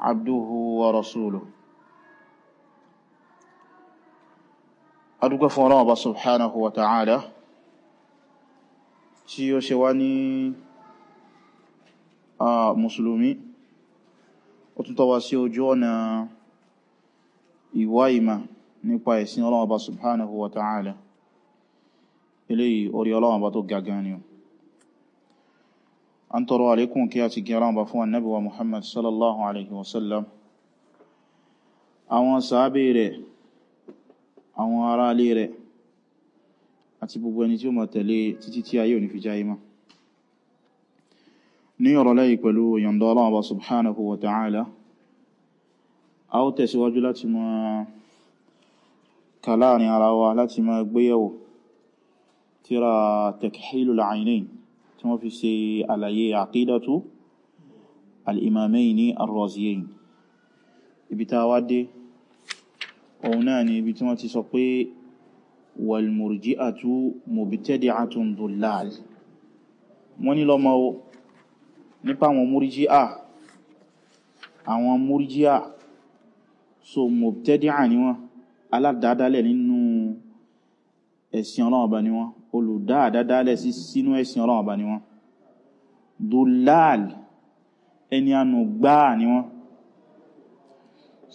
عبده ورسوله adúgbẹ́ fún ọlọ́ọ̀bá subhanahu wa ta'ala tí ó ṣe wá ní a musulmi ó tún tọ́wà sí ojú ọ̀nà ìwá ìmá nípa ẹ̀sìn ọlọ́ọ̀bá subhanahu wa ta'ala eléyìí orí ọlọ́ọ̀bá tó gagan ni o an tọrọ àlékún kí a ti gẹ́ra ọba fún annabi wa muhammad sallallahu alaihi wasallam àwọn sàábé rẹ̀ àwọn ará lé rẹ̀ àti gbogbo ẹni tí ó máa tẹ̀lé títí tí ayé òní fi jáyé ma ní ọ̀rọ̀ lẹ́yìn pẹ̀lú yọ̀ndọ́ ọlọ́ọ̀bá subhanahu wa ta'ala a ó tẹ̀síwájú láti máa kà ara wa láti máa gbéyẹ̀wò tírà Takhilul Aynayn tí wọ́n fi ṣe àlàyé àkídàtú al-imamaini ar-raziyayn ibi tá wá dé òun náà ni ibi tí wọ́n ti sọ pé wal-murji'atu mubtadi'atun dullal wọ́n ní lọ́mọ nípa àwọn murji'a àwọn murji'a so mubtadi'a ni wọ́n aládádálẹ̀ nínú ẹ̀sìn Ọlọ́run ni wọ́n olùdá àdádálẹ̀ sí sínú ẹ̀sìn ọlọ́run ọba ni wọ́n dùláàl ẹni ànú gbáà ni wọ́n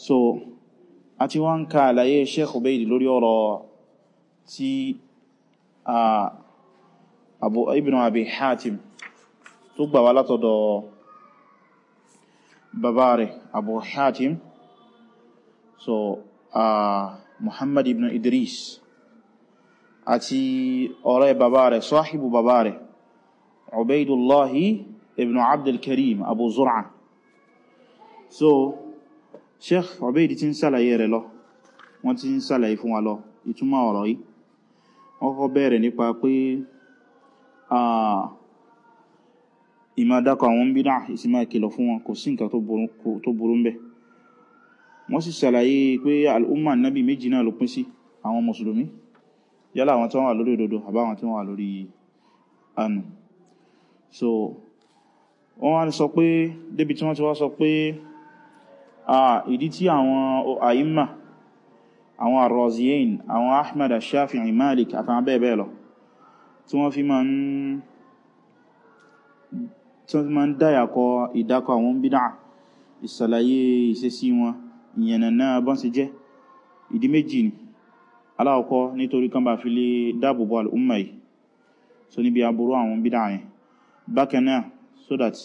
so a ti wá ń ka àlàyé Sheikh Ubaid lórí ọ̀rọ̀ tí a Abu Ibn Abi Hatim tó gbà wá látọ̀dọ̀ bàbá rẹ̀ Abu Hatim so a Muhammad ibn Idris àti ọ̀rẹ́ bàbá rẹ̀ sọ́hìbù bàbá rẹ̀ Ubaidullahi ibn Abdul Karim Abu Zur'a so Sheikh Ubaid ti ń sàlàyé rẹ̀ lọ wọ́n ti ń sàlàyé fún wa lọ ìtumọ̀ ọ̀rọ̀ yìí wọ́n kọ́ bẹ̀rẹ̀ nípa pé ìmọ̀dákọ̀ àwọn bídá ìsinmá ìkìlọ̀ fún wọn kò sí tó burú ń bẹ̀ wọ́n sì sàlàyé pé al'umma nabi méjì náà ló pín sí àwọn mùsùlùmí yálà àwọn tí wọ́n wà lórí òdodo àbáwọn tí wọ́n wà lórí ànù so wọ́n wá sọ pé débi tí wọ́n ti wá sọ pé ìdí tí àwọn àyíma àwọn arọ́ziyin àwọn ahmad ashafi'i malik àtàwọn bẹ́ẹ̀ bẹ́ẹ̀ lọ tí wọ́n fi ma ń dáyàkọ ìdákọ àwọn bídá ìsàlàyé ìṣesí wọn ìyẹ̀nà náà bọ́n sì jẹ́ ìdí méjì ni aláwọ̀kọ́ nítorí kan bá fi lè dáàbòbò al'umma yìí so níbi aburú àwọn bídá yẹn bákan so that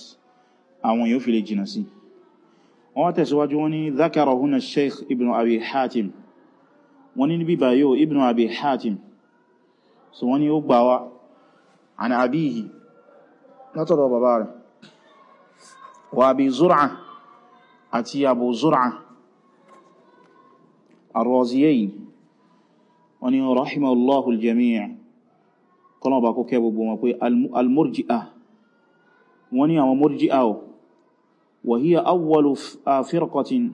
àwọn yóò fi lè jìnà sí wọ́n tẹ̀síwájú wọ́n ní zakara huna sheikh ibn abi hatim wọ́n ní níbi bayo ibn abi hatim so wọ́n ní ó gbawa an abihi látọ̀dọ̀ bàbá rẹ̀ wa abi zura àti abu zura ar wọ́n ni rahimahu allahu aljami' kọ́nà ọba kó kẹ́ gbogbo wọn pé almurji'a wọ́n ni àwọn murji'a o wa hiya awwalu firqatin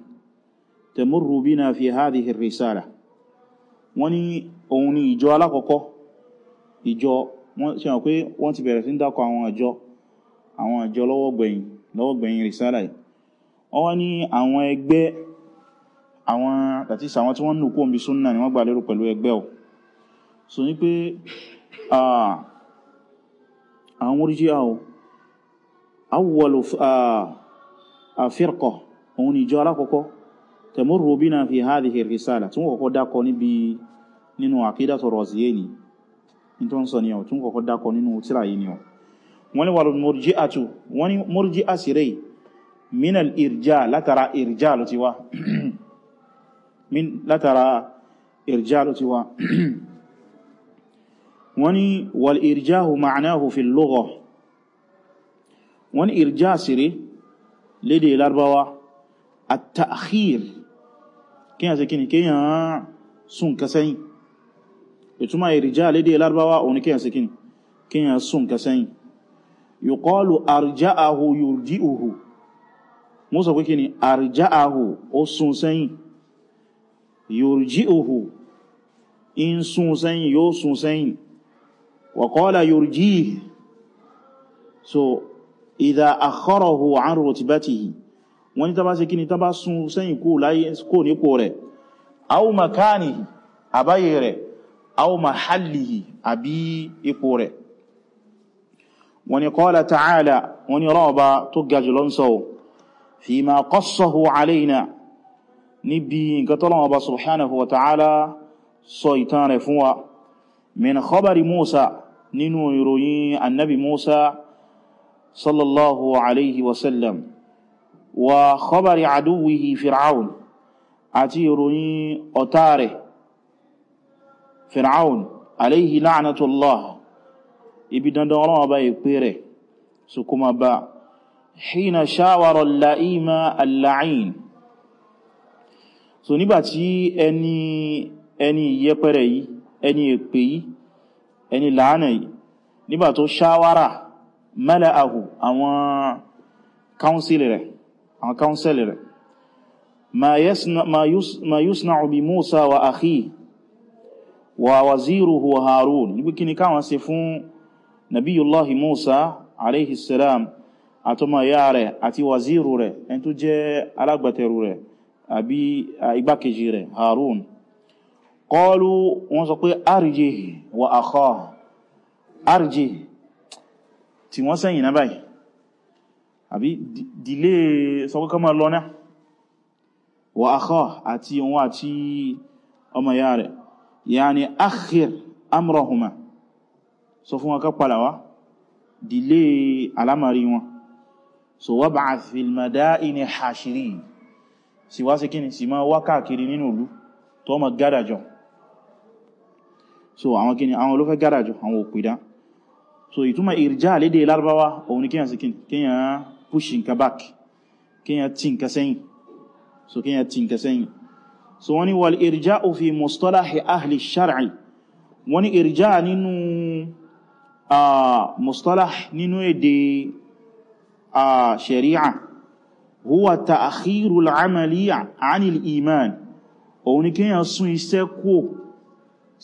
tamurru bina fi hadhihi ar-risala wọ́n ni òun ni ìjọ alákọ̀ọ́kọ́ ìjọ wọ́n ti bẹ̀rẹ̀ sí ń àwọn àjọ àwọn àjọ lọ́wọ́ gbẹ̀yìn yìí wọ́n wá àwọn ẹgbẹ́ àwọn àti àwọn tí wọ́n nù kó omi súnnà ni wọ́n gbà lérò pẹ̀lú ẹgbẹ́ ọ̀ so ní pé àwọn oríjí àwọ̀ awwalu firqa òun ìjọ alákọ̀ọ́kọ́ tamurru bina fi hadhihi risala tún kọ̀kọ́ dákọ níbi nínú aqidatu raziyani ní tó ń sọ ní ọ̀ tún kọ̀kọ́ dákọ nínú tíra yìí ni látara ìrìjáàlù ti wá wọ́n ni wal ìrìjáàhù ma'anáhù fi lugha wọ́n ni ìrìjáà sírí lédè larbawa at-ta'khir kíyàn sí kíni kíyàn sún kasẹ́yìn ìtumọ̀ ìrìjáà lédè larbawa òní kíyàn sí kíni kíyàn sún kasẹ́yìn yuqalu arja'ahu yurji'uhu mo sọ pé kíni ó sún sẹ́yìn yurji'uhu in sun sẹ́yìn yóò sun sẹ́yìn wa qala yurji'uhu so idha akharahu an rutbatihi wọ́n ni tàbá ṣe kí ni tàbá sun sẹ́yìn kó nípò rẹ̀ aw makanihi àbáyé rẹ̀ aw mahallihi àbí ipò rẹ̀ wọ́n ni qala ta'ala wọ́n ni rọ́ọ̀bá tó gajulọ́nsọ̀ fima qassahu alayna níbi nǹkan tọ́lọ́wọ́ bá subhanahu wa ta'ala sọ ìtàn rẹ̀ fún wa min khabari musa nínú ìròyìn annabi musa sallallahu alaihi wasallam wa khabari aduwihi fir'aun àti ìròyìn ọ̀tá rẹ̀ fir'aun alaihi la'anatullah ibi dandan ọlọ́wọ́ bá ìpé rẹ̀ su kuma ba hina shawara la'ima al-la'in so nígbàtí ẹni ẹni ìyẹpẹrẹ yìí ẹni èpè yìí ẹni làánà yìí nígbà tó ṣáwárà mẹ́lẹ̀ àhù àwọn káúnsílì rẹ̀ àwọn káúnsílì rẹ̀ ma yúsnà bí Musa wa akhi wa waziruhu Harun níbi kí ni káwọn ṣe fún nabiyullahi Musa alayhi salam àtọmọ̀ rẹ̀ àti waziru rẹ̀ ẹni tó jẹ́ alágbàtẹ̀rù rẹ̀ àbí igbákejì rẹ̀ Harun qalu wọ́n sọ pé arjih wa akhah arjih tí wọ́n sẹ́yìn náà báyìí àbí dìlé sọkọ́kọ́ ma lọ náà wa akhah àti wọn àti ọmọ ya rẹ̀ yani akhir amrahuma sọ fún wọn ká dìlé alamari wọn so wab'ath fil madaini hashirin sì wá sí kíni sì máa wá káàkiri nínú ìlú tó mọ̀ gádàjọ so àwọn kíni àwọn ló fẹ́ gádàjọ àwọn òpìdá so ìtumọ̀ ìrìjá lédè lárúbáwá òun ni kíyàn sí kíni kíyàn push nǹkan back kíyàn tí nǹkan sẹ́yìn so kíyàn tí nǹkan sẹ́yìn so wọ́n ni wal ìrìjá fi mustalahi ahli shar'i wọ́n ni ìrìjá nínú ah, mustalah ah, shari'a هو تأخير العمل عن الإيمان أوني كن يسون يسكو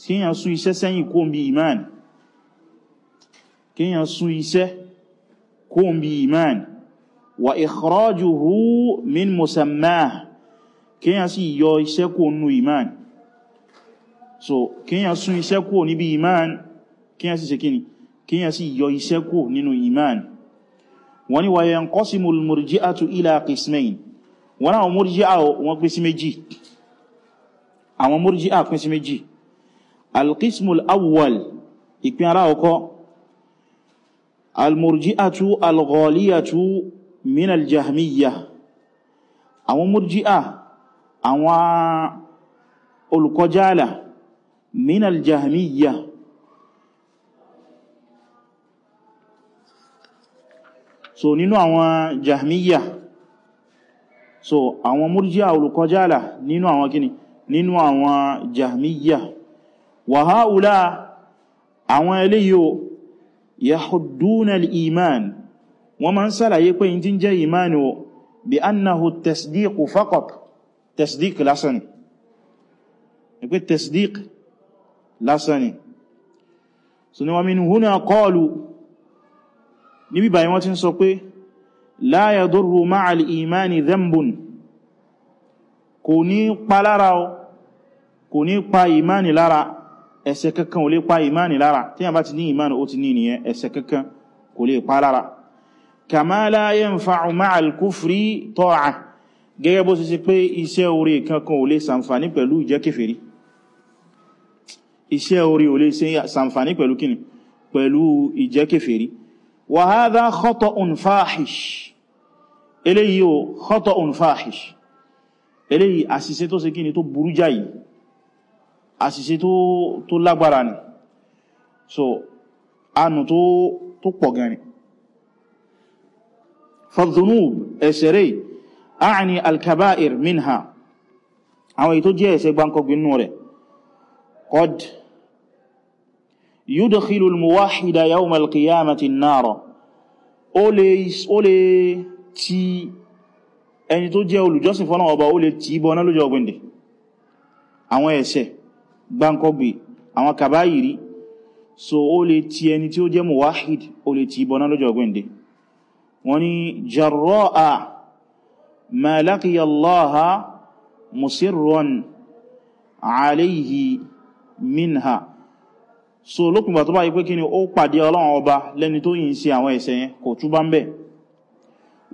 كن يسون يسسن يكون بإيمان كن يسون يسكون بإيمان وإخراجه من مسماه كن يسون يسكون بإيمان so كن يسون يسكون بإيمان كن يسون يسكون كن يسون يسكون بإيمان so, wọ́n ní wàyẹ̀ ń kọ́símù murji'atu ila qismayn wọ́n àwọn murji'a wọn pín sí méjì àwọn murji'a pín sí méjì alqismul awwal ìpín ara ọkọ́ almurji'atu alghaliyatu min so nínú àwọn jahmiya so àwọn murji'a olùkọjáàlà nínú àwọn kíni nínú àwọn jahmiya wa haula àwọn eléyò yahudduna al-iman wọ́n ma ń sàlàyé pé yìí tí ń jẹ́ iman o bí annahu tasdiq faqat tasdiq lásán ni tasdiq lásán so ni wa min huna qalu níbi báyìí wọ́n ti ń sọ pé la yadurru ma'al imani dhanbun kò ní pa lára o kò ní pa ìmáni lára ẹ̀ṣẹ̀ kankan ò lè pa ìmáni lára tí a bá ti ní ìmáni ó ti ní nìyẹn ẹ̀ṣẹ̀ kankan kò lè pa lára kama la yanfa'u ma'al kufri ta'ah gẹ́gẹ́ bó ṣe pé iṣẹ́ orí kankan ò lè sàǹfàní pẹ̀lú ìjẹ́ kèfèrí iṣẹ́ orí ò lè sàǹfàní pẹ̀lú kíni pẹ̀lú ìjẹ́ kèfèrí wa hadha khata'un fahish eléyìí o khata'un fahish eléyìí àṣìṣe tó ṣe kíni tó burú jáyì àṣìṣe tó lágbára ni so anu tó pọ̀ gan ni fadhunub ẹ̀ṣẹ̀rẹ̀ a'ni alkaba'ir minha àwọn èyí tó jẹ́ ẹ̀ṣẹ̀ gbáǹkọ̀gbínú rẹ̀ qad yúdọ̀kílù mọ̀wáhìdá yawm al-qiyamati náàrọ̀ ó lè tí ẹni tó jẹ́ olùjọ́sìn fọ́nà ọba ó lè tí bọ́ná lójọ́ ọgbìndì àwọn ẹ̀ṣẹ̀ gbáǹkọ́gbì àwọn kàbáyìrí so ó lè tí ẹni tí ó jẹ́ mọ̀wáhìd ó lè tí bọ́ná lójọ́ ọgbìndì wọ́n ni jarra'a ma laqiya Allaha musirran alayhi minha so lókùnbà tó bá yí pé kí ni ó pàdé ọlọ́run ọba lẹ́ni tó yìn sí àwọn ẹ̀ṣẹ̀ yẹn kò túbá ń bẹ̀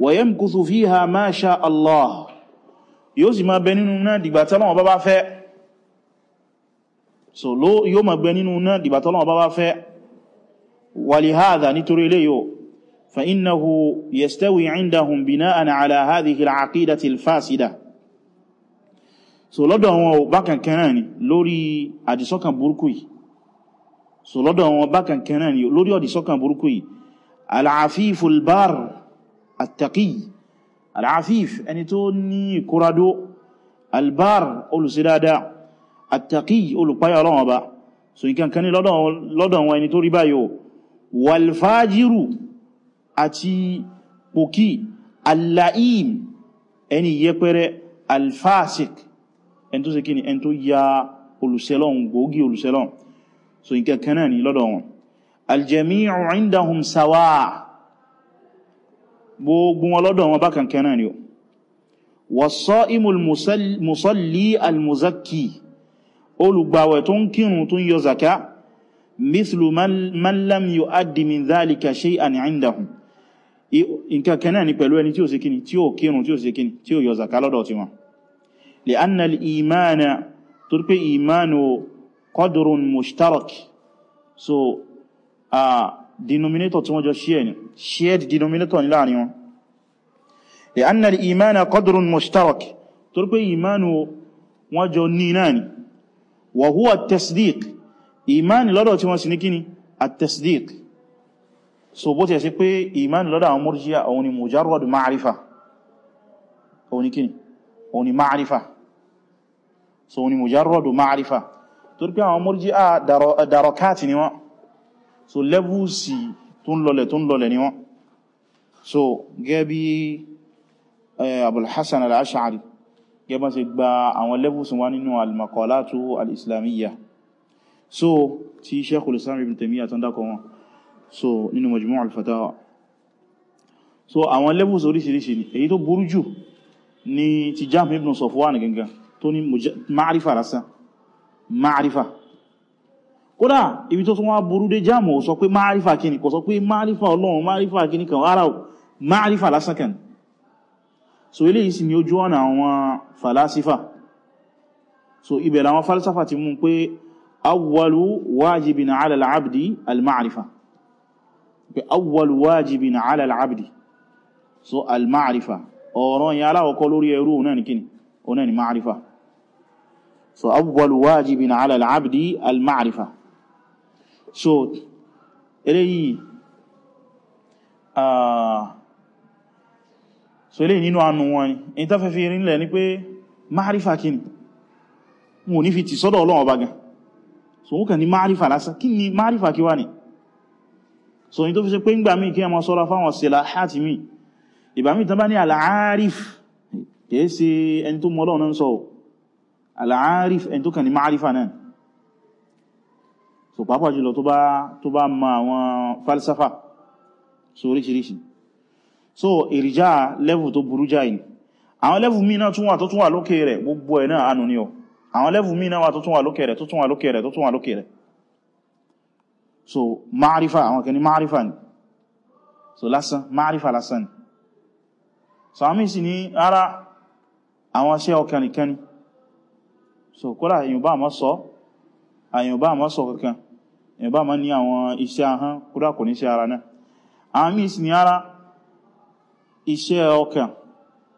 wayamkuthu fiha ma sha Allah yóò sì máa bẹ nínú náà dìgbà tọ́lọ́run ọba bá fẹ́ so ló yóò máa bẹ nínú náà dìgbà tọ́lọ́run ọba bá fẹ́ walihadha nítorí ilé yóò fa innahu yastawi indahum bina'an ala hadhihi al-aqidati al-fasida so lọ́dọ̀ wọn bákan kan lórí àdìsọ́kàn burúkú yìí so lọ́dọ̀ wọn bákan kẹrẹ ni lórí ọ̀dì sọ́kàn burúkú yìí al-afif al-bar at-taqi al-afif ẹni tó ní ìkúradó al-bar olùsídáadá at-taqi olùpáyà ọlọ́wọ́n ọba so nǹkan kan ní lọ́dọ̀ wọn ẹni tó rí báyò wal-fajiru àti pòkí al-la'im ẹni yẹpẹrẹ al ẹni tó ṣe ẹni tó ya olùsẹ́lọ́n gbòógì olùsẹ́lọ́n so nǹkan kan náà ni lọ́dọ̀ wọn aljami'u indahum sawa gbogbo wọn lọ́dọ̀ wọn bákan kan náà ni o was-sa'imu al-musalli al-muzakki olùgbàwẹ̀ tó ń kírun tó ń yọ zaka mithlu man lam yu'addi min dhalika shay'an indahum nǹkan kan náà ni pẹ̀lú ẹni tí ó ṣe kíni tí ó kírun tí ó ṣe kíni tí ó yọ zaka lọ́dọ̀ tiwọn li'anna al-imana torí pé قدر مشترك، so uh, denominator tí wọ́n jọ share shared denominator ni láàrin wọn lè anna al-imana qadrun mushtarak torí pé imanu wọ́n jọ ní náà ni wa huwa at-tasdiq imani lọ́dọ̀ tí wọ́n sì ní kíni at-tasdiq so bó ti ẹ̀sí pé imani lọ́dọ̀ àwọn murji'a òun ni mujarrad ma'rifa òun ni kíni òun ni ma'rifa so ni mujarrad ma'rifa torí pé àwọn murji'a dàrọkáàtì ni wọ́n so levels tó ń lọlẹ̀ tó ń lọlẹ̀ ni wọ́n so gẹ́bí Abul Hasan al-Ash'ari gẹ́bọ́n ṣe gba àwọn levels wá nínú al-maqalatu al-islamiyya so ti Sheikhul Islam Ibn Taymiyyah tó ń dákọ wọn so nínú Majmu' al-Fatawa so àwọn levels oríṣiríṣi ni ti Jahm ibn Safwan gangan tó ní ma'rifa lásán ma'arifa kódà ibi tó tún wá burú dé jáàmù sọ pé ma'arifa kíni kò sọ pé ma'arifa ọlọ́run ma'arifa kíni kan ara ma'arifa lásán kan so eléyìí sì ni ojú ọ̀nà àwọn falasifa so ibẹ̀ làwọn falsafa ti mú pé awwalu wajibin ala al'abdi al-ma'arifa pé awwalu wajibin ala al'abdi so al-ma'arifa ọ̀rọ̀ yẹn aláwọ̀kọ́ lórí ẹrú náà ni kíni ọ̀nà ni so awwalu wajibin ala al-abdi al-ma'rifa so eléyìí so eléyìí nínú anu wọn ni in ta fẹ́ fi rinlẹ̀ ni pé ma'rifa kí ni mo ní fi ti sọ́dọ̀ Ọlọ́run Ọba gan so wọ́n kàn ní ma'rifa lásán kí ni ma'rifa kí ni so in tó fi ṣe pé ń gbà mí kí ẹ mọ́ sọ́ra fáwọn mi ìbàmí tán bá ní al-arif kìí ṣe ẹni tó mọ Ọlọ́run náà al-aarif ẹni tó kàn ní ma'arifa náà so pàápàá jùlọ tó bá tó bá ma àwọn falsafa so oríṣiríṣi so ìrìjá lẹ́fù tó burú jáì ni àwọn lẹ́fù míì náà tún wà tó tún wà lókè rẹ̀ gbogbo ẹ̀ náà anù ni ọ àwọn lẹ́fù míì náà wà tó tún wà lókè rẹ̀ tó tún wà lókè rẹ̀ so ma'arifa àwọn kẹni ma'arifa ni so lásán ma'arifa lásán ni so àmì sí ní ara àwọn iṣẹ́ ọkànìkẹni so kódà èyànbá àmọ́ sọ àyànbá àmọ́ sọ kankan èyànbá àmọ́ ní àwọn iṣẹ́ ahán kódà kò ní ṣe ara náà àmì ìsìn ara iṣẹ́ ọkàn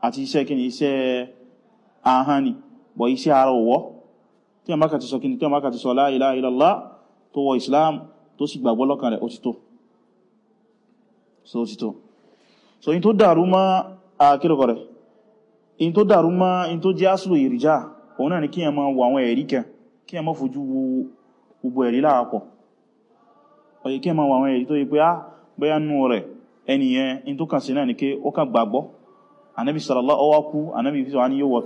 àti iṣẹ́ kí ni iṣẹ́ ahán ni bọ̀ iṣẹ́ ara ọwọ́ tí a mákàtí sọ kí ni tí a mákàtí sọ la ilaha illallah tó islam tó sì gbàgbọ́ lọ́kàn rẹ̀ òtítọ́ so òtítọ́ so in tó dàrú mọ́ àkílùkọ̀ rẹ̀ in tó jẹ́ asùlù ìrìjá òun náà ni kí ẹ má wo àwọn ẹ̀rí kẹ kí ẹ má fojú wo gbogbo ẹ̀rí láàpọ̀ ọ̀yẹ́ kí ẹ má àwọn ẹ̀rí tó yí pé á bẹ́yà nú rẹ̀ ẹniyẹn in tó kàn sí náà ni kí ó kà gbàgbọ́ anábi fi wá ní yóò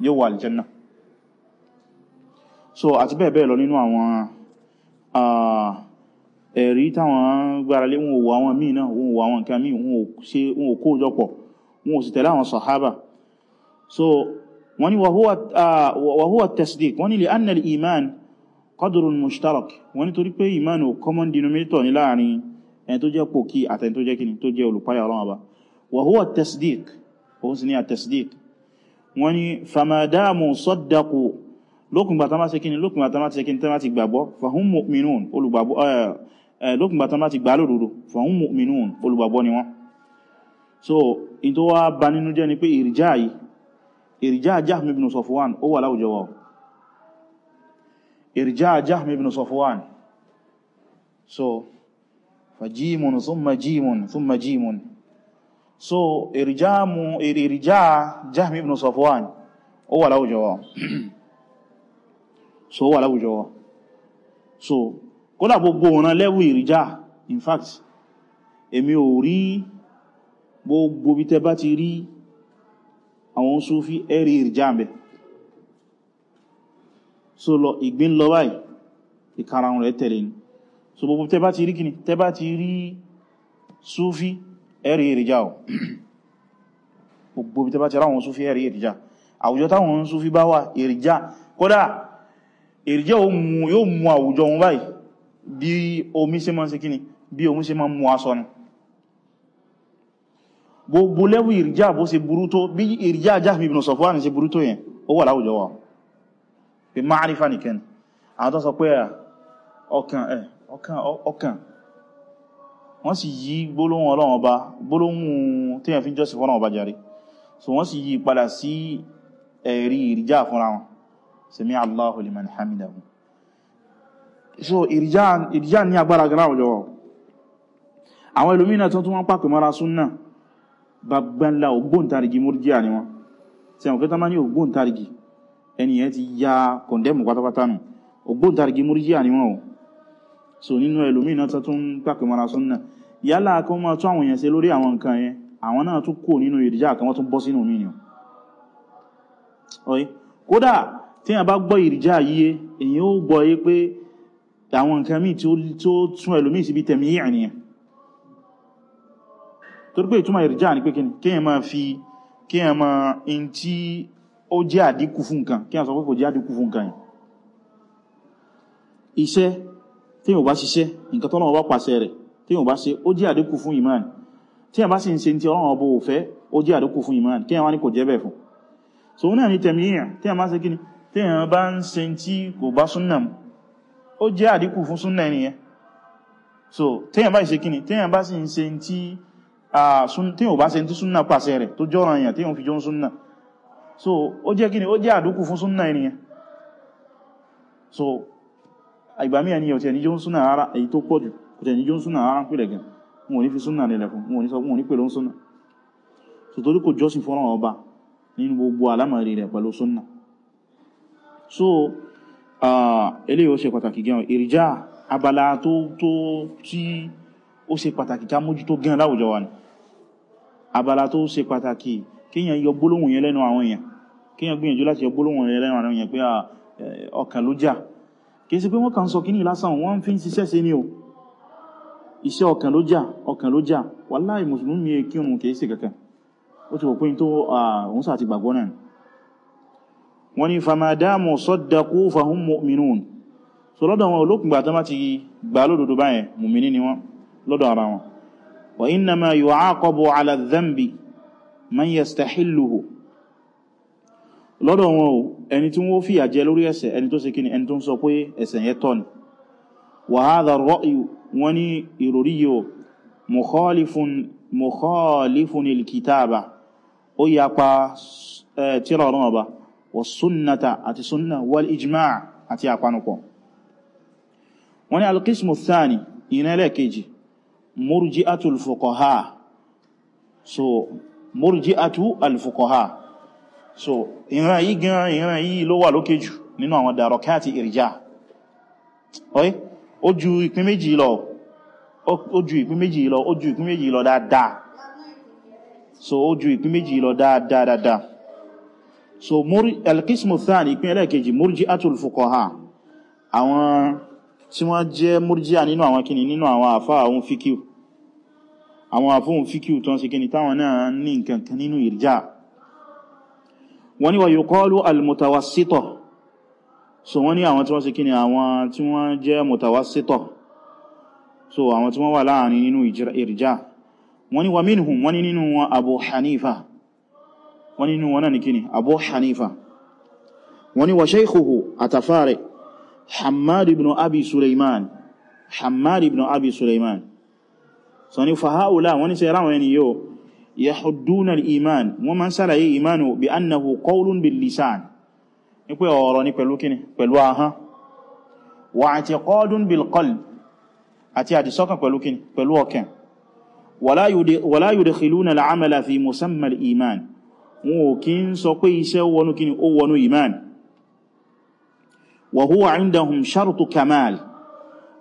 yóò so àti bẹ́ẹ̀ bẹ́ẹ̀ lọ nínú àwọn ẹ̀rí táwọn gbáralé wọn wò àwọn míì náà wọn wò àwọn nǹkan míì wọn ò kó wọ́n ni wàhúwà tasdik wọ́n ni lè annal iman qadrun mushtarak wọ́n ni torí pé iman o common denominator ni láàrin ẹni tó jẹ́ pòkí àtẹni tó jẹ́ kíni tó jẹ́ olùpáyà ọlọ́wọ́ bá wàhúwà tasdik òun sì ni àtasdik wọ́n ni famadamu sọ́dakù lókùngbàtà má ṣe kíni lókùngbàtà má ṣe kíni tẹ́ má ti gbàgbọ́ fahum mu'minun so in tó wá ba nínú ìrìjá Jahm ibn Safwan ó wà láwùjọ wa ìrìjá Jahm ibn Safwan so fajimun thumma jimun thumma jimun so ìrìjá mu ìrìjá Jahm ibn Safwan ó wà láwùjọ so ó wà láwùjọ so kódà gbogbo ọ̀nà lẹ́wù ìrìjá in fact èmi ò rí gbogbo bí tẹ bá ti rí àwọn Sufi ẹ̀rí ìrìjáàbẹ̀ so lọ ìgbín lọ báyìí ìkarahun rẹ̀ tẹ̀lé ni so gbogbo tẹ́bá ti rí kíni tẹ́bá ti rí Sufi ẹ̀rí ìrìjá ọ̀ gbogbo tẹ́bá ti ráwọn Sufi ẹ̀rí ìrìjá àwùjọ táwọn Sufi bá wà ìrìjá kódà ìrìjá yóò mú àwùjọ wọn báyìí bí omi ṣe máa ń ṣe kíni bí omi ṣe máa ń mú aṣọ ni gbogbo lẹ́wù ìrìjá bó ṣe burú tó bí ìrìjá Jahmi ibn Safwan ṣe burú tó yẹn ó wà láwùjọ wa bí ma'arifa nìkan àwọn tó sọ pé ah, ọkàn ẹ̀ eh, ọkàn ọkàn wọ́n sì yí gbólóhùn ọlọ́run ọba gbólóhùn téèyàn fi jọ́sìn fọ́nà ọba jàre so wọ́n sì yí padà sí ẹ̀rí ìrìjá fúnra wọn sami Allahu liman hamidahu so babbanla ògbóǹtarìgì múrjíà ni wọn tí àwọn kẹta máa ní ògbóǹtarìgì ẹniyàn ti ya kọ̀ndẹ́mù pátápátá nù ògbóǹtarìgì múrjíà ni wọn o so nínú ẹlòmíì náà tún pàpẹ mara súnnà yálà kí wọ́n máa tún àwọn èèyàn ṣe lórí àwọn nǹkan yẹn àwọn náà tún kò nínú ìrìjá kan wọ́n tún bọ́ sínú mí ni ọ̀yí kódà tí a bá gbọ́ ìrìjá yíye èyí ó gbọ́ yé pé àwọn nǹkan míì tí ó tún ẹlòmíì síbi tẹ̀míyàn nìyàn torí pé ìtumọ̀ ìrìjá ní pé kíyàn máa fi kíyàn máa in tí ó jẹ́ àdínkù fún nǹkan kíyàn sọ pé kò jẹ́ àdínkù fún nǹkan yìí iṣẹ́ tí yóò bá ṣiṣẹ́ nǹkan tí Ọlọ́run pàṣẹ rẹ̀ tí yóò bá ṣe ó jẹ́ àdínkù fún ìmáànì tí yàn bá sì ń ṣe tí Ọlọ́run so náà ní tẹ̀mí yìí tí yàn bá ṣe kíni tí yàn bá ń so tí yàn bá ṣe kíni tí Ah, tí ò bá ṣe tí súnnà pàṣẹ rẹ̀ tó jọ́ràn èèyàn tí ò fi jọ súnnà so ó jẹ́ kíni ó jẹ́ àdúkù fún súnnà ènìyàn so ìgbàmí ẹni ọ̀tẹ̀ ní jọ súnnà ara èyí tó pọ̀jù ọ̀tẹ̀ ní jọ súnnà ara ń pèlẹ̀ gan wọn ò ní fi súnnà nílẹ̀ fún wọn ò ní sọ wọn ò ní pèlò súnnà so torí kò jọ́sìn fọ́nà ọba nínú gbogbo alámọ̀rí rẹ̀ pẹ̀lú so eléyìí ó ṣe pàtàkì gan ìrìjá abala tó tó tí ó ṣe pàtàkì ká mójútó gan láwùjọ wa ni abala tó ṣe pàtàkì kíyàn yọ gbólóhùn yẹn lẹ́nu àwọn èèyàn kíyàn gbìyànjú láti yọ gbólóhùn yẹn lẹ́nu àwọn èèyàn pé ọkàn ló jà kìí sí pé wọ́n kàn sọ kíní lásán wọ́n fi ń ṣiṣẹ́ sí ni o iṣẹ́ ọkàn ló jà ọkàn ló jà wàláhì mùsùlùmí e kírun fahum mu'minun so lọ́dọ̀ wọn olókùngbà tó má ti gbà lódodo báyẹn mùmínì وإنما يعاقب على الذنب من يستحله lọ́dọ̀ wọn o ẹni tí wọ́n fìyà jẹ lórí ẹ̀ṣẹ̀ ẹni tó ṣe kí ni ẹni tó ń sọ pé ẹ̀ṣẹ̀ yẹn tọ́ ni wa hadha ar-ra'yu ìròrí yíò mukhalifun mukhalifun al-kitaba ó tíra ọ̀rọ̀ ọba wa sunnata àti sunna wal ijma' àti àpanupọ̀ wọ́n ní al thani ìrìnlẹ̀ kejì murji'atu al-fuqaha so murji'atu al-fuqaha so ìran yìí gan ìran yìí ló wà lókè jù nínú àwọn darakati irja oi ó ju ìpín méjì lọ ó ju ìpín méjì lọ ó ju ìpín méjì lọ dáadáa so ó ju ìpín méjì lọ dáadáa dáadáa so al-qismu thani ìpín ẹlẹ́ẹ̀kejì murji'atu al-fuqaha àwọn tí wọ́n jẹ́ múrjíà nínú àwọn kíni nínú àwọn àfá àwọn fíkíù àwọn àfóhùn fíkíù tó ń ṣe kíni táwọn náà ní nǹkan nínú ìrjá wọ́n ni wa yuqalu al-mutawassito so wọ́n ni àwọn tí wọ́n ṣe kíni àwọn tí wọ́n jẹ́ mutawassito so àwọn tí wọ́n wà láàrin nínú ìrjá wọ́n ni wa minhum wọ́n ni nínú wọn Abu Hanifa wọ́n ni nínú wọn hamad ibn abi suleiman hamad ibn abi suleiman sọ ni fahaula wọ́n ní ṣe ráwọn ẹni yóò yahudduna al-iman wọ́n ma ń ṣàlàyé imanu bi annahu qawlun bil lisan ní pé ọ̀rọ̀ ni pẹ̀lú kíni pẹ̀lú ahán wa i'tiqadun bil qalb àti àdìsọ́kàn pẹ̀lú kíni pẹ̀lú ọkàn wala yudkhiluna al-amala fi musamma al-iman wọn ò kí ń sọ pé iṣẹ́ wọnú kíni ó wọnú iman wa huwa indahum shartu kamal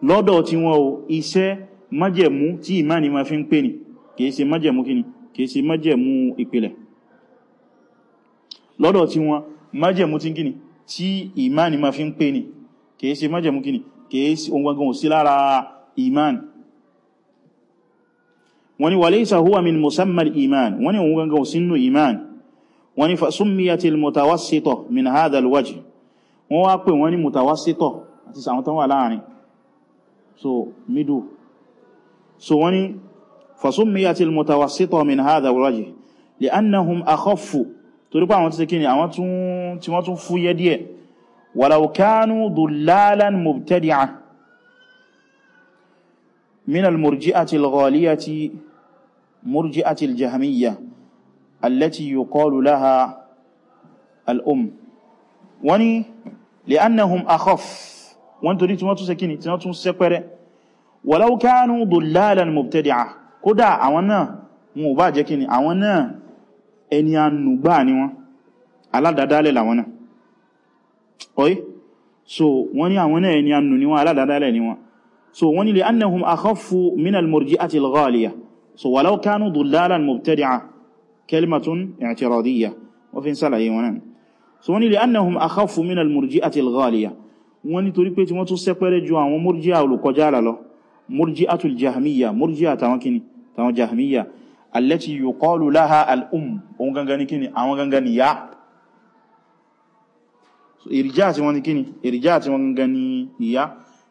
lọ́dọ̀ tí wọ́n o iṣẹ́ májẹ̀mú tí ìmáni ma fi ń pè ní kìí ṣe májẹ̀mú kíni kìí ṣe májẹ̀mú ìpìlẹ̀ lọ́dọ̀ tí wọ́n májẹ̀mú tí kíni tí ìmáni ma fi ń pè ní kìí ṣe májẹ̀mú kíni kìí ṣe ohun gangan sí lára ìmán wọ́n ni walaysa huwa min musammal ìmán wọ́n ni ohun gangan sínú ìmán wọ́n ni fa summiyat al min hadha al wọ́n wá pè wọ́n ní mutawasitọ̀ àti sàwọn tán láàrin so midu، so wọ́n ni fasummiyatil mutawasitọ̀ min hadha wajh li'annahum akhaffu torí pé àwọn ti kíni àwọn tí wọ́n tún fúyẹ́ díẹ̀ walau kanu dullalan mubtadi'a min al-murji'ati al-ghaliyati murji'ati al-jahmiyya allati yuqalu laha al wani li'annahum akhaf wọ́n torí tí wọ́n tún ṣe kíni tí wọ́n tún ṣe pẹ́rẹ́ walau kanu dullalan mubtadi'a kódà àwọn náà wọn ò bá jẹ́ kíni àwọn náà ẹni ànùgbà ni wọ́n aládàdálẹ̀ làwọn náà ọ̀yí so wọ́n ní àwọn náà ẹni ànù ni wọ́n aládàdálẹ̀ ni wọ́n so so wọ́n ní li'annahum akhafu min al-murji'ati al-ghaliya wọ́n ní torí pé tí wọ́n tún sẹ́pẹ́rẹ́ ju àwọn murji'a olùkọjá rà lọ murji'atul jahmiya murji'a tàwọn kini tàwọn jahmiya allati yuqalu laha al-um ohun gangan ni kini àwọn gangan ni ya so irja tí wọ́n ní kini irja tí wọ́n gangan ya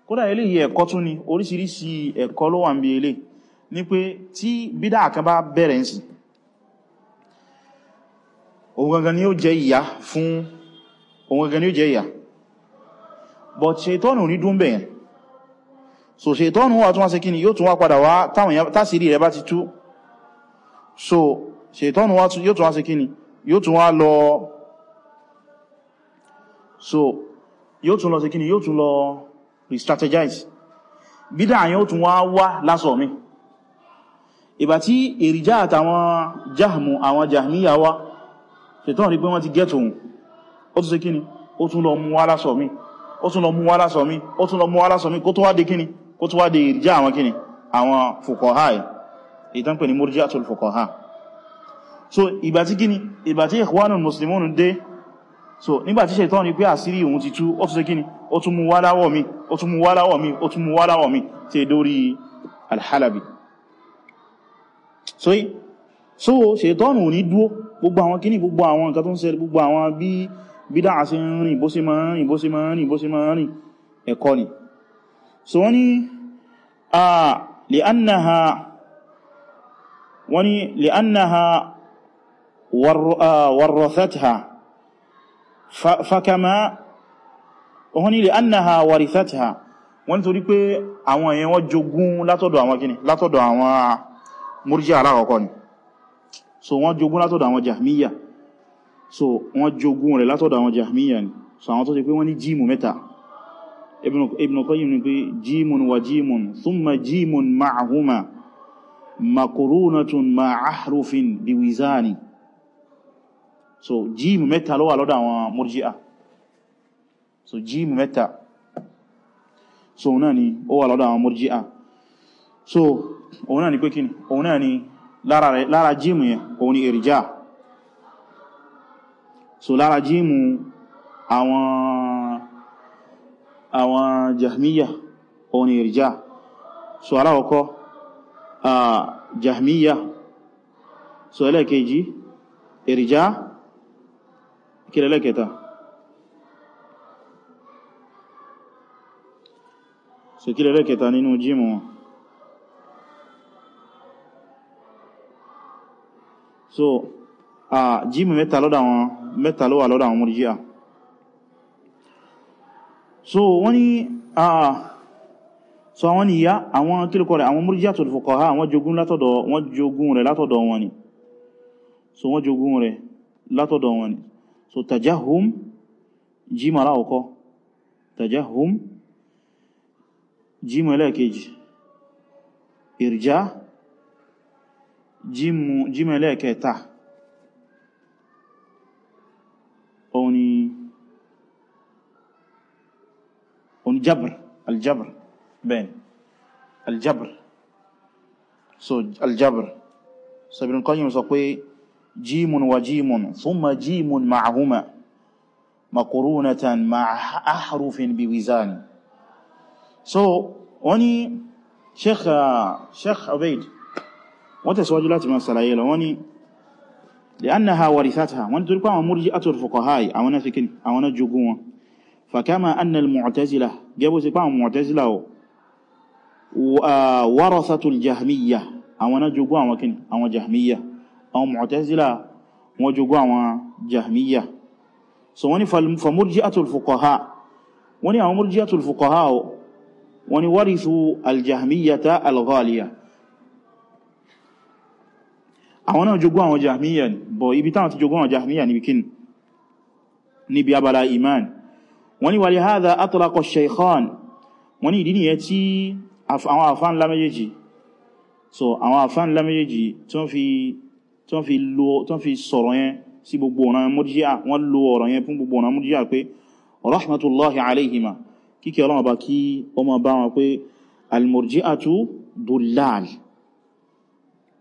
kódà eléyìí ẹ̀kọ́ tún ni oríṣiríṣi ẹ̀kọ́ ló wà ń bí eléyìí ni pé tí bídà kan bẹ̀rẹ̀ ń sìn ohun gangan ni ó jẹ ìyà fún ohun gangan ni ó jẹ ìyà but ṣètọ́nù ní dúnbẹ̀ yẹn so ṣètọ́nù wà tún wá sí kí ni yóò tún wá padà wá tásìrí rẹ̀ bá ti tú so ṣètọ́nù yóò tún wá sí kí ni yóò tún wá lọ so yóò tún lọ sí kí ni yóò tún lọ re-strategize bídá àyẹ́ ó wa wá wá mi ìbà tí èrìjá àtàwọn jahmu àwọn jahmiya wá ṣètọ́ rí pé wọ́n ti gẹ́tò ohun ó tún ṣe kíni ó tún lọ mú wá lásọ mí ó tún lọ mú wá lásọ mí ó tún lọ mú wá lásọ mí kó tó wá dé kíni kó tó wá dé ìrìjá àwọn kíni àwọn fòkọ̀há ẹ̀ ìtàn pè so ìgbà tí kíni ìgbà tí so nígbà tí ṣètọ́ rí pé àṣírí òun ti tú ó tún ṣe kíni ó so so ṣètọ́nù ní dúó gbogbo àwọn kíní gbogbo àwọn nǹkan tó ń ṣẹlẹ̀ gbogbo àwọn bí bídá àṣẹ rìn bó ṣe máa rìn bó ṣe máa rìn bó ṣe máa rìn ẹ̀kọ́ ni so wọ́n ni a li'annaha wọ́n ni li'annaha warrathatha fakama wọ́n ni li'annaha warrathatha wọ́n ni torí pé àwọn èèyàn wọ́n jogún látọ̀dọ̀ àwọn kíní látọ̀dọ̀ àwọn múrjíà alákọ̀ọ́kọ́ ni so wọ́n jogún látọ̀dọ̀ àwọn jahmiya so wọ́n jogún rẹ̀ látọ̀dọ̀ àwọn jahmiya ni so àwọn tó ti pé wọ́n ní jíìmù mẹ́ta Ibn Qayyim ni pé jíìmùn wa jíìmùn thumma jíìmùn ma'ahuma makurunatun ma'ahrufin biwizani so jíìmù mẹ́ta ló wà lọ́dọ̀ àwọn murji'a so jíìmù mẹ́ta so náà ni ó wà lọ́dọ̀ murji'a so òun ni pé kíni òun ni lára jíìmù yẹn òun ni èrìjá so lára jíìmù àwọn àwọn jahmiya òun ni èrìjá so aláwọ̀kọ́ jahmiya so ẹlẹ́kẹ̀ẹ́jì èrìjá kí lẹ́lẹ́kẹta so kí lẹ́lẹ́kẹta nínú jíìmù wọn so jíìmù mẹ́ta lọ́dọ̀ àwọn mẹ́ta ló wà lọ́dọ̀ àwọn murji'a so wọ́n ni so àwọn ìyá àwọn kílùkọ́ rẹ̀ àwọn murji'a tó fuqaha àwọn jogun látọ̀dọ̀ wọ́n jogun rẹ̀ látọ̀dọ̀ wọn ni so wọ́n jogun rẹ̀ látọ̀dọ̀ wọn ni so tajahum jíìmù aláwọ̀kọ́ tajahum jíìmù ẹlẹ́ẹ̀kejì irja' jímọ̀ lẹ́ẹ̀kẹta òun ni òun jabr ben al jabr so al jabr so Ibn Qayyim sọ pé jímùn wa jímùn thumma jímùn ma'ahuma makurunatan ma'a ahrufin bi wizani so wani sheikh sheikh Ubayd wọ́n tẹ̀síwájú láti máa sàlàyé lọ wọ́n ni li'annaha warithataha wọ́n torí pàwọn murji'atul fuqaha'i àwọn náà fikin àwọn náà jogún wọn fakama annal mu'tazila gẹ́bù sí pàwọn mu'tazila o warathatul jahmiyya àwọn náà jogún àwọn kin àwọn jahmiyya àwọn mu'tazila wọ́n jogún àwọn jahmiyya wọ́n ni àwọn murji'atul àwọn náà jogún àwọn jahmiya ni bọ̀ ibi táwọn ti jogún àwọn jahmiya níbi kíni níbi abala iman wọ́n ni wà lè hadha atlaqa shaykhan wọ́n ni ìdí nìyẹn tí àwọn àfán ńlá so àwọn àfán ńlá méjèèjì tó ń fi sọ̀rọ̀ yẹn sí gbogbo ọ̀nà murji'a wọ́n lo ọ̀rọ̀ yẹn fún gbogbo ọ̀nà murji'a pé rahmatullahi alayhima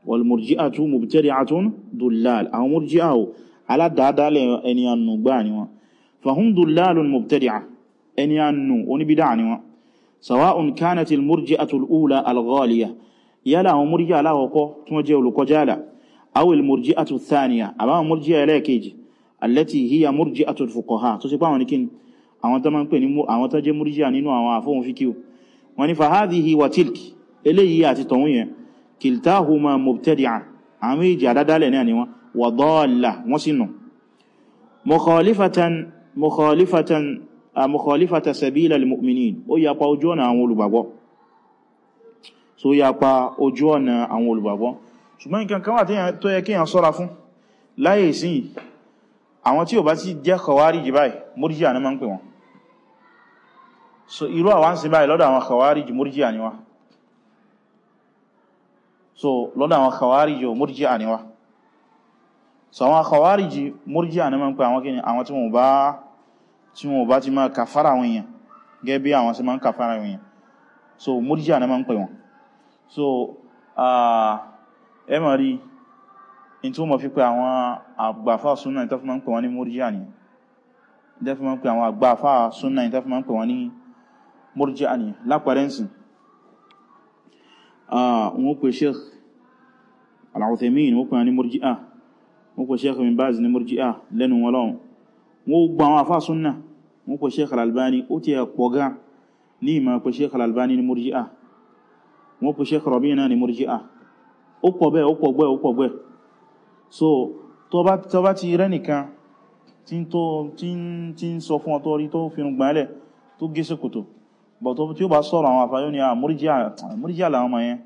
والمرجئة مبتدعة ضلال أو مرجئة على دادال أن ينباني فهم ضلال مبتدعة أن ينو ونبدعني سواء كانت المرجئة الأولى الغالية يلا هم مرجئة لا وقو تمجيو لقجالة أو المرجئة الثانية أما مرجئة لكيج التي هي مرجئة الفقهاء تسيبا ونكين àwọn tó máa ń pè ní àwọn tó jẹ́ múríjíà nínú àwọn àfóhun fíkíò wọ́n ní fàhádìí wa tilk eléyìí àti tọ̀hún yẹn kìltáhùmá mubtadi'a àwọn èjì àdádálẹ̀ náà ni wọ́n wà dọ́ọ̀lá wọ́n sínú mukhalifatan mukhalifatan mukhalifata sabila al-mu'minin ó yapa ojú ọ̀nà àwọn olùgbàgbọ́ so yapa ojú ọ̀nà àwọn olùgbàgbọ́ ṣùgbọ́n nǹkan kan wà tó yẹ kíyàn sọ́ra fún láyé sí àwọn tí ò bá ti jẹ́ kọwárí jì báyìí murji'a ni máa ń pè wọ́n so irú àwọn sí báyìí lọ́dọ̀ àwọn kọwárí jì murji'a ni wọ́n so lọ́dọ̀ àwọn khawariji o murji'a ni wá so àwọn khawariji murji'a ni máa ń pè àwọn kíni àwọn tí wọ́n bá tí wọ́n bá ti máa kàfàrà wọn yẹn gẹ́ bí àwọn sí máa ń kàfàrà wọn yẹn so murji'a ni máa ń pè wọn so ẹ ma rí in tí wọ́n ma fi pè àwọn àgbàfà súnà ìtàfí máa ń pè wọn ní murji'a ni ìtàfí máa ń pè àwọn àgbàfà súnà ìtàfí máa ń pè wọn ní murji'a ni lápẹrẹnsìn Ah, wọ́n pè sheikh al-Uthaymin wọ́n pè ní murji'ah wọ́n pè sheikh bin Baz ní murji'ah lẹ́nu wọn lọ́wọ́ wọ́n gbà àwọn afá súnnà wọ́n pè sheikh al-Albani ó ti ẹ̀pọ̀ ga ní ìmọ̀ pè sheikh al-Albani ní murji'ah wọ́n pè sheikh Rabi' ní murji'ah ó pọ̀ ó pọ̀ so tó bá ti rẹ́nìkan tí ń sọ fún ọtọ́ rí tó fi rùn gbálẹ̀ bọ̀tọ̀ tí ó bá sọ̀rọ̀ àwọn àfáyọ́ ni múríjíà láwọn yẹn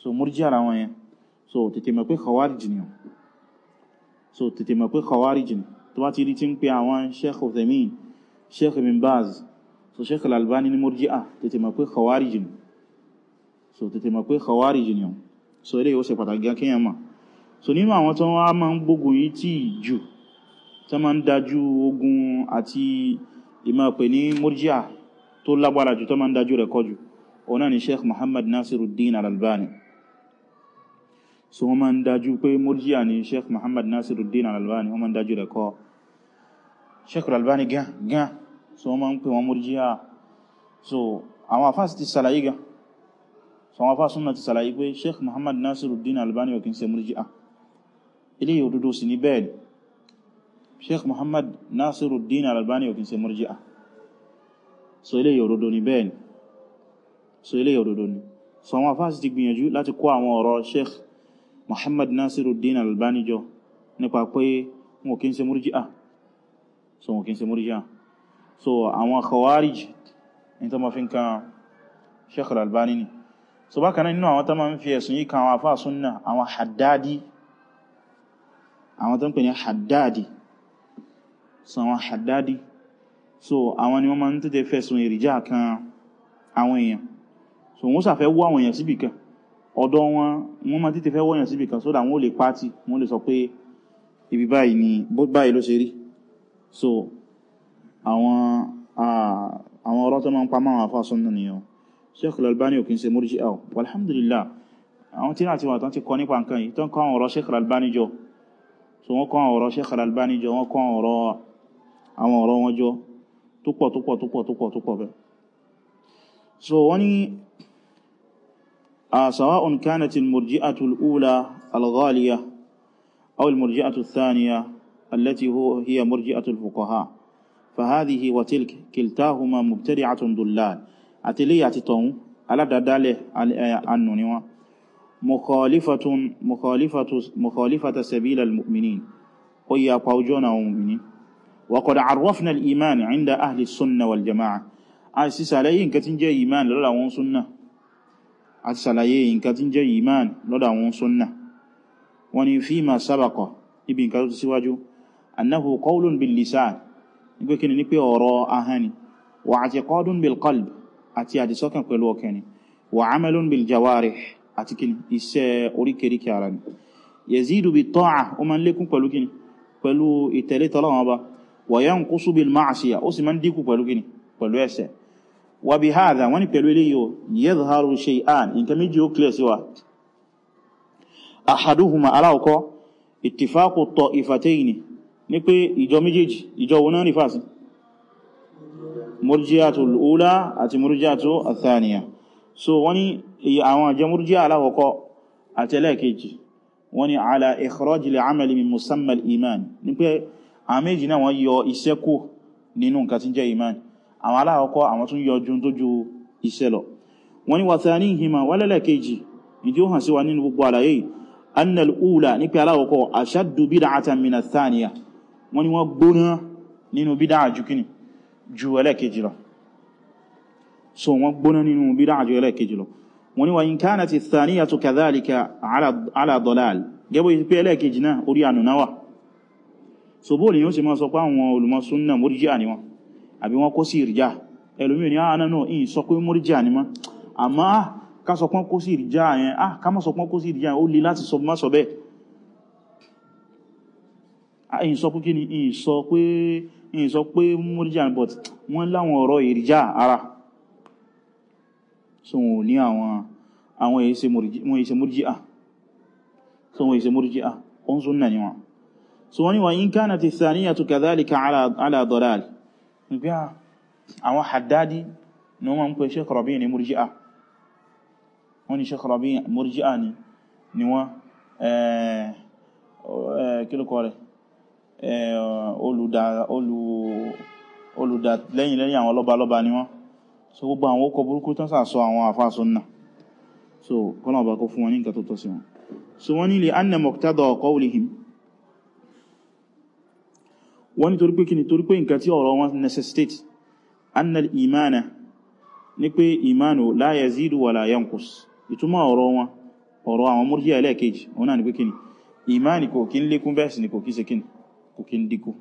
so múríjíà láwọn yẹn so tètè mọ̀ pé khawarij ni so tètè mọ̀ pé khawarij ni tó bá ti rí tí ń pè so sheikh al-albani ni múríjíà tètè pé khawarij ni so tètè mọ̀ khawarij ni so eré ó ṣe pàtàkì so nínú àwọn tó wá máa ń gbógun yìí ogun àti ìmọ̀ pè ní múríjíà tó lágbára jù tó máa ń dájú rẹ̀ kọjú ọ̀nà ni sheikh muhammad nasiruddin al-albani so wọ́n máa ń dájú pé murjiya ni sheikh muhammad nasiruddin al-albani wọ́n máa ń dájú rẹ̀ kọ́ sheikh al-albani gan gan so wọ́n máa ń pè wọ́n murjiya so àwọn afásí ti sàlàyé gan so àwọn afásí náà ti sàlàyé pé sheikh muhammad nasiruddin al-albani òkín ṣe murjiya ilé yóò sí ní bẹ́ẹ̀ sheikh muhammad nasiruddin al-albani òkín ṣe murjiya so eléyìí òdodo ni bẹ́ẹ̀ ni so eléyìí òdodo ni so àwọn afáàsì ti gbìyànjú láti kó àwọn ọ̀rọ̀ Sheikh Muhammad Nasiruddin Albani jọ nípa pé wọn kí ń ṣe múrjíà so wọn kí ń ṣe múrjíà so àwọn khawarij ní tó ma fi ń kan Sheikh Albani ni so bákan náà àwọn tó ma ń fi ẹ̀sùn yí kan àwọn afáà súnnà àwọn haddadi so àwọn ni wọ́n máa ń tètè fẹ̀sùn ìrìjá kan àwọn èèyàn so wọ́n sàfẹ́ wọ́ àwọn èèyàn síbì kan ọ̀dọ̀ wọn wọ́n máa tètè fẹ́ wọ́yàn síbì kan so that wọ́n lè pátì wọ́n lè sọ pé ibi báyìí ni báyìí ló ṣe rí so àwọn àwọn ọ̀rọ̀ tó máa ń pa máa fà sọ́nà nìyàn Sheikh Al-Albani ò kí ń ṣe múrìjì àw alhamdulillah àwọn tí láti wà tán ti so wọ́n kọ́ àwọn ọ̀rọ̀ Sheikh Al-Albani jọ àwọn ọ̀rọ̀ wọn jọ tó pọ̀ tó pọ̀ tó pọ̀ tó pọ̀ tó pọ̀ bẹ́ẹ̀ so wani a ah, sawa'un kanat al-murji'atu al-ula al-ghaliya aw al-murji'atu ath-thaniya allati hiya murji'atu al-fuqaha fa hadhihi wa tilk kiltahuma mubtadi'atun dullal atiliya titun ala dadale eh, annu ni mukhalifatun mukhalifatu mukhalifata sabila al-mu'minin ó yà وقد عرفنا الإيمان عند أهل السنة والجماعة أسس عليه إنك تنجي إيمان لولا وان سنة أسس عليه إنك تنجي إيمان لولا وان سنة وني فيما سبق ابن كذلك سواجه أنه قول باللسان يقول كني نكوي أراء أهاني واعتقاد بالقلب أتي أدي سوكن قلو وكني وعمل بالجوارح أتي كني إسا أريك ريك يزيد بالطاعة ومن لكم قلو كني قلو إتالي طلعا بقى wa yanqusu bil ma'siyah ó sì máa ń dínkù pẹ̀lú kíni pẹ̀lú ẹ̀ṣẹ̀ wa bi hadha wọ́n ní pẹ̀lú eléyìí o yadhharu shay'an nǹkan méjì ó clear sí wa ahaduhuma aláwọ̀kọ́ ittifaqu ta'ifataini ní pé ìjọ méjèèjì ìjọ wọn náà nífàsí murji'atul ula àti murji'atul athaniya pé àwọn méjì náà wọ́n yọ iṣẹ́ kò nínú nǹkan tí ń jẹ́ iman àwọn aláàkọ́ àwọn tún yọ jù tó ju iṣẹ́ lọ wọ́n ni wàtà ní ìhìmà wálẹ̀lẹ̀ kejì ìdí ó hàn sí wa nínú gbogbo àlàyé annal ula ní pé aláàkọ́ ashaddu bid'atan min athaniya wọ́n ni wọ́n gbóná nínú bid'a ju kíni ju ẹlẹ́kejì lọ so wọ́n gbóná nínú bid'a ju gẹ́gbẹ́ pé ẹlẹ́kejì náà orí ànúnáwà so bóòlù yóò sì máa sọ pé àwọn olùmọ̀súnnà mọ́ríjíà ni wọn àbí wọn kó sí ìrìjá ẹlòmí ní àánà ah, náà ìyìn sọ pé mọ́ríjíà ni ma àmá ah, ká sọ pọ́n kó sí ìrìjá yẹn ah ká má sọ pọ́n kó sí ìrìjá ó lè láti sọ má sọ bẹ́ẹ̀ ah, ìyìn sọ pé àwọn èyí ṣe mọ́ríjíà so wọn súnnà ni so wọ́n ni wọ́n yí kánà ti sàníyà tó kàzálìkà aláàdọ́láàlì nígbé àwọn haddadi ni wọ́n ń pè Sheikh Rabi' ni murji'a wọ́n ni Sheikh Rabi' murji'a ni ni wọ́n eh, eh, kílùkọ́ rẹ̀ eh, olùdàlẹ́yìn lẹ́yìn àwọn lọ́balọ́ba ni wọ́n so gbogbo àwọn okọ̀ burúkú tán sàsọ àwọn àfáàsùn náà so kọ́nà ọba kó fún wọn ní nǹkan tó tọ́ sí wọn so wọ́n ni li anna muqtada qawlihim wọ́n ní torí pé kí ni torí pé nǹkan tí ọ̀rọ̀ wọn necessitate annal imana ní pé imanu la yazidu wa la yankus ìtumọ̀ ọ̀rọ̀ wọn ọ̀rọ̀ àwọn murji'a ẹlẹ́ẹ̀kejì wọn náà ni pé kí ni imani kò kí ń lékún bẹ́ẹ̀ ni kò kí ṣe kí ni kò kí ń dínkù